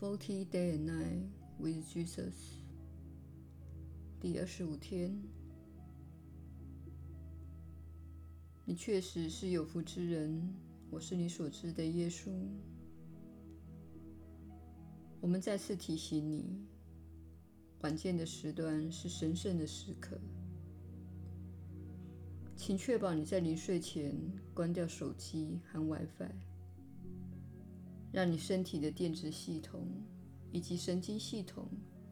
Forty day and night with Jesus。第二十五天，你確實是有福之人。我是你所知的耶穌。我們再次提醒你，晚間的時段是神聖的時刻，請確保你在臨睡前關掉手機和 WiFi。讓你身體的電子系統以及神經系統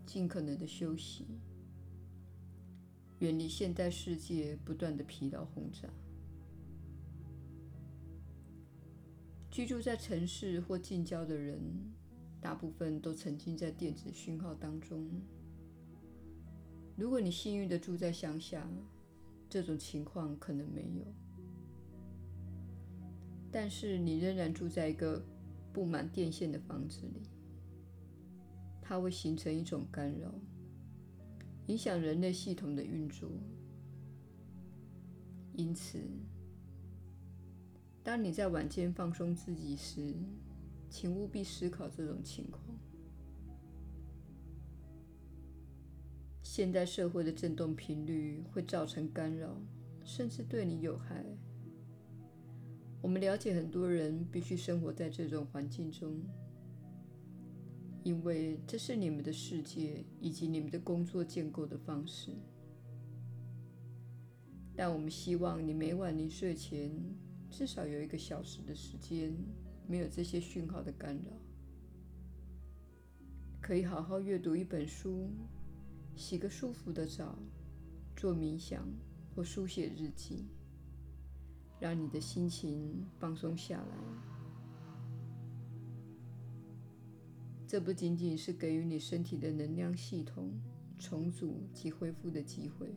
盡可能的休息，遠離現代世界不斷的疲勞轟炸。居住在城市或近郊的人，大部分都沉浸在電子訊號當中。如果你幸運地住在鄉下，這種情況可能沒有。但是你仍然住在一個。佈滿電線的房子裡，它會形成一種干擾，影響人類系統的運作。因此，當你在晚間放鬆自己時，請務必思考這種情況。現代社會的振動頻率會造成干擾，甚至對你有害。我們了解很多人必須生活在這種環境中，因為這是你們的世界以及你們的工作建構的方式。但我們希望你每晚臨睡前至少有一個小時的時間，沒有這些訊號的干擾，可以好好閱讀一本書，洗個舒服的澡，做冥想或書寫日記。讓你的心情放鬆下來，這不僅僅是給予你身體的能量系統重組及恢復的機會，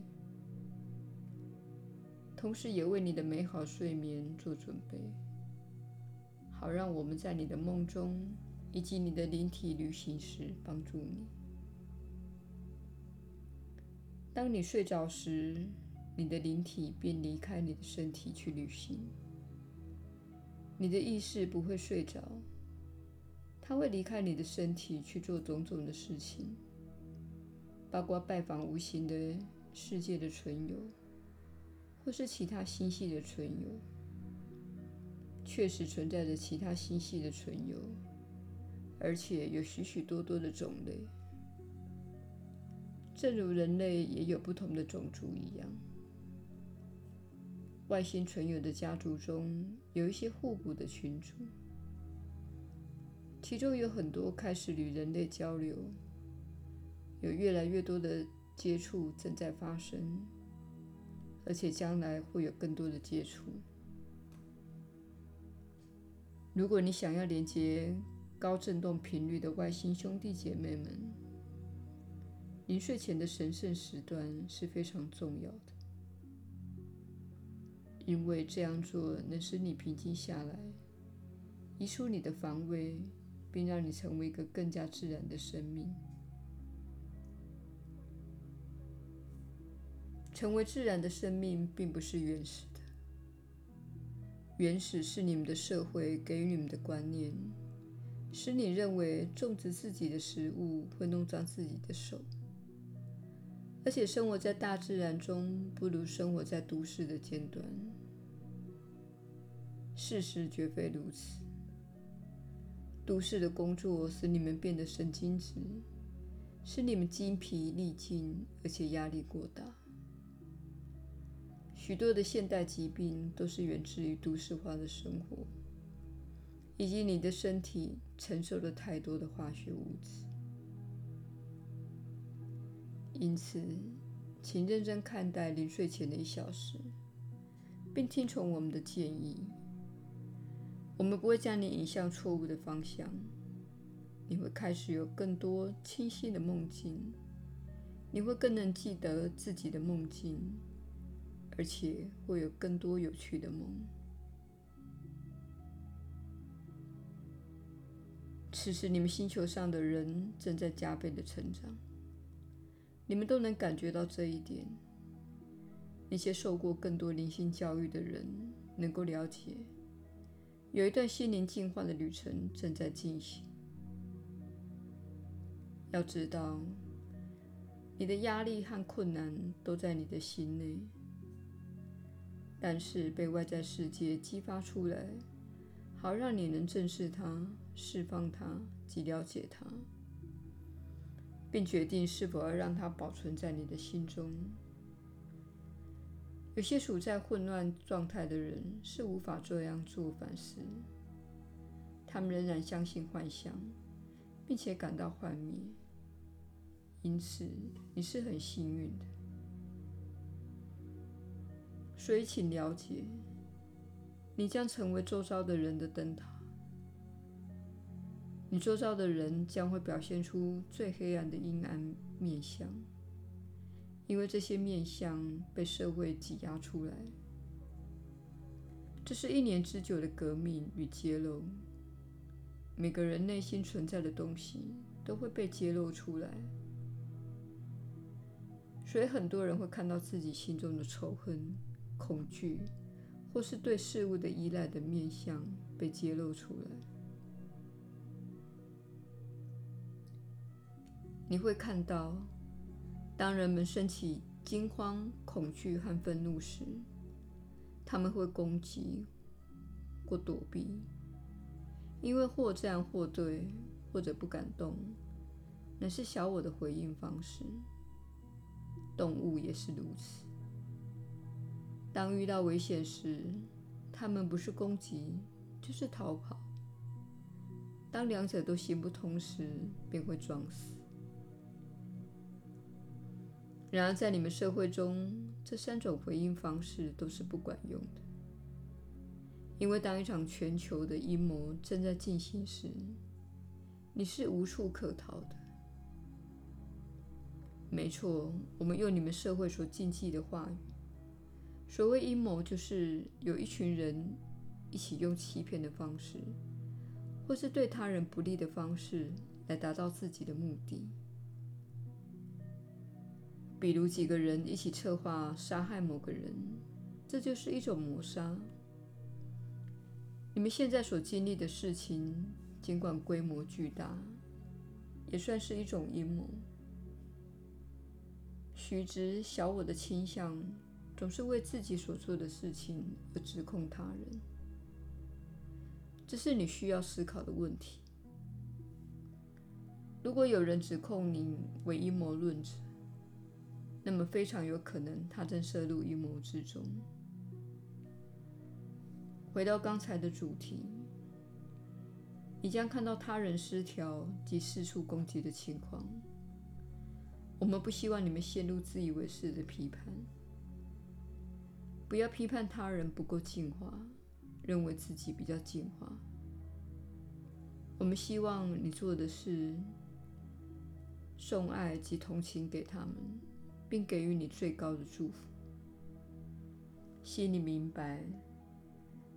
同時也為你的美好睡眠做準備，好讓我們在你的夢中以及你的靈體旅行時幫助你。當你睡着時。你的靈體便離開你的身體去旅行，你的意識不會睡着，它會離開你的身體去做種種的事情，包括拜訪無形的世界的存有，或是其他星系的存有。確實存在着其他星系的存有，而且有許許多多的種類，正如人類也有不同的種族一樣。外星存有的家族中有一些互補的族群，其中有很多開始與人類交流，有越來越多的接觸正在發生，而且將來會有更多的接觸。如果你想要連接高振動頻率的外星兄弟姐妹們，臨睡前的神聖時段是非常重要的。因為這樣做能使你平靜下來，移除你的防衛，並讓你成為一個更加自然的生命。成為自然的生命，並不是原始的。原始是你們的社會給予你們的觀念，使你認為種植自己的食物會弄髒自己的手。而且生活在大自然中，不如生活在都市的尖端。事實絕非如此。都市的工作使你們變得神經質，使你們精疲力盡，而且壓力過大。許多的現代疾病都是源自於都市化的生活，以及你的身體承受了太多的化學物質。因此，請認真看待臨睡前的一小時，並聽從我們的建議。我們不會將你引向錯誤的方向。你會開始有更多清晰的夢境，你會更能記得自己的夢境，而且會有更多有趣的夢。此時，你們星球上的人正在加倍的成長。你們都能感覺到這一點。那些受過更多靈性教育的人能夠了解，有一段心靈進化的旅程正在進行。要知道，你的壓力和困難都在你的心內，但是被外在世界激發出來，好讓你能正視它、釋放它及了解它。並決定是否要讓它保存在你的心中。有些處在混亂狀態的人是無法這樣做反思，他們仍然相信幻相，並且感到幻滅。因此，你是很幸運的。所以，請了解，你將成為周遭的人的燈塔。你周遭的人將會表現出最黑暗的陰暗面向，因為這些面向被社會擠壓出來。這是一年之久的革命與揭露，每個人內心存在的東西都會被揭露出來，所以很多人會看到自己心中的仇恨、恐懼，或是對事物的依賴的面向被揭露出來。你會看到，當人們升起驚慌、恐懼和憤怒時，他們會攻擊或躲避，因為或戰或退，或者不敢動，乃是小我的回應方式。動物也是如此。當遇到危險時，它們不是攻擊就是逃跑；當兩者都行不通時，便會裝死。然而，在你們社會中，這三種回應方式都是不管用的，因為當一場全球的陰謀正在進行時，你是無處可逃的。沒錯，我們用你們社會所禁忌的話語，所謂陰謀，就是有一群人一起用欺騙的方式，或是對他人不利的方式來達到自己的目的。比如幾個人一起策劃殺害某個人，這就是一種謀殺。你們現在所經歷的事情，盡管規模巨大，也算是一種陰謀。須知，小我的傾向總是為自己所做的事情而指控他人，這是你需要思考的問題。如果有人指控你為陰謀論者，那麼，非常有可能他正涉入陰謀之中。回到剛才的主題，你將看到他人失調及四處攻擊的情況。我們不希望你們陷入自以為是的批判，不要批判他人不夠進化，認為自己比較進化。我們希望你做的是，送愛及同情給他們。並給予你最高的祝福。心裡明白，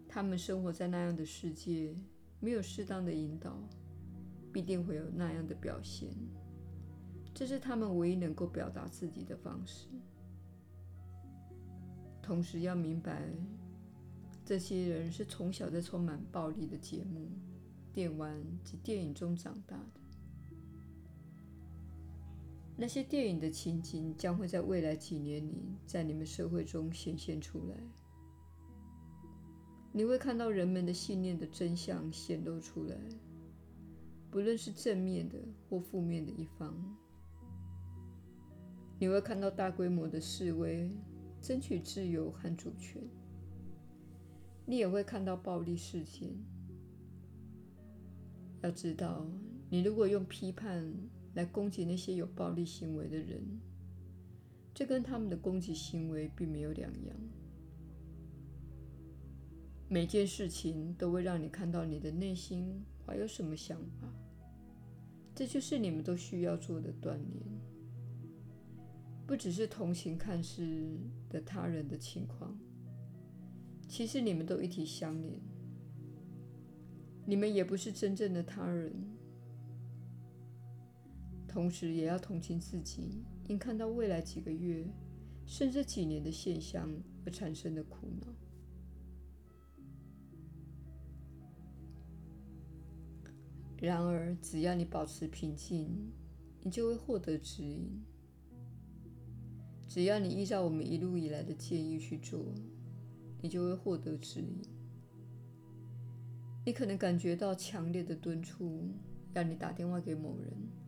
他們生活在那樣的世界，沒有適當的引導，必定會有那樣的表現。這是他們唯一能夠表達自己的方式。同時要明白，這些人是從小在充滿暴力的節目、電玩及電影中長大的。那些電影的情景將會在未來幾年裡在你們社會中顯現出來。你會看到人們的信念的真相顯露出來，不論是正面的或負面的一方。你會看到大規模的示威，爭取自由和主權。你也會看到暴力事件。要知道，你如果用批判，來攻擊那些有暴力行為的人，這跟他們的攻擊行為並沒有兩樣。每件事情都會讓你看到你的內心懷有什麼想法，這就是你們都需要做的鍛煉。不只是同情看似的他人的情況，其實你們都一體相連，你們也不是真正的他人。同時，也要同情自己，因看到未來幾個月甚至幾年的現象而產生的苦惱。然而，只要你保持平靜，你就會獲得指引；只要你依照我們一路以來的建議去做，你就會獲得指引。你可能感覺到強烈的敦促，讓你打電話給某人。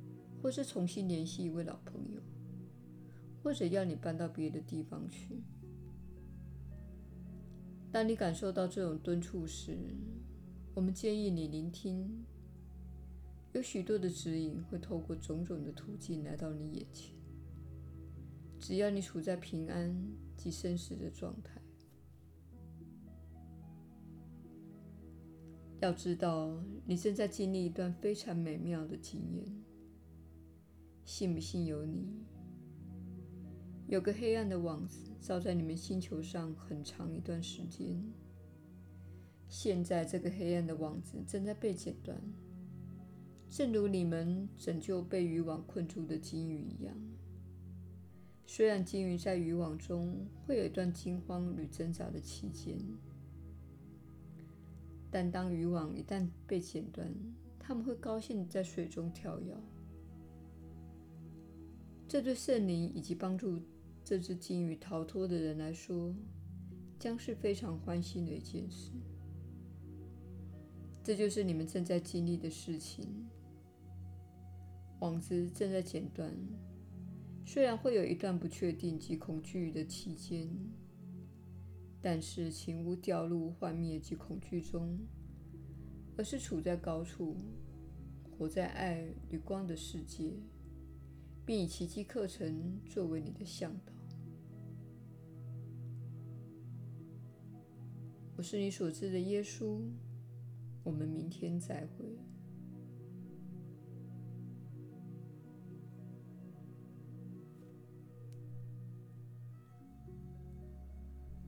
或是重新聯繫一位老朋友，或者要你搬到別的地方去。當你感受到這種敦促時，我們建議你聆聽。有許多的指引會透過種種的途徑來到你眼前。只要你處在平安及深思的狀態，要知道你正在經歷一段非常美妙的經驗。信不信由你。有個黑暗的網子罩在你們星球上很長一段時間。現在，這個黑暗的網子正在被剪斷，正如你們拯救被漁網困住的鯨魚一樣。雖然鯨魚在漁網中會有一段驚慌與掙扎的期間，但當漁網一旦被剪斷，它們會高興在水中跳躍。這對聖靈以及幫助這隻金魚逃脫的人來說，將是非常歡喜的一件事。這就是你們正在經歷的事情。網子正在剪斷，雖然會有一段不確定及恐懼的期間，但是請勿掉入幻滅及恐懼中，而是處在高處，活在愛與光的世界。並以奇蹟課程作為你的向導。我是你所知的耶穌，我們明天再會。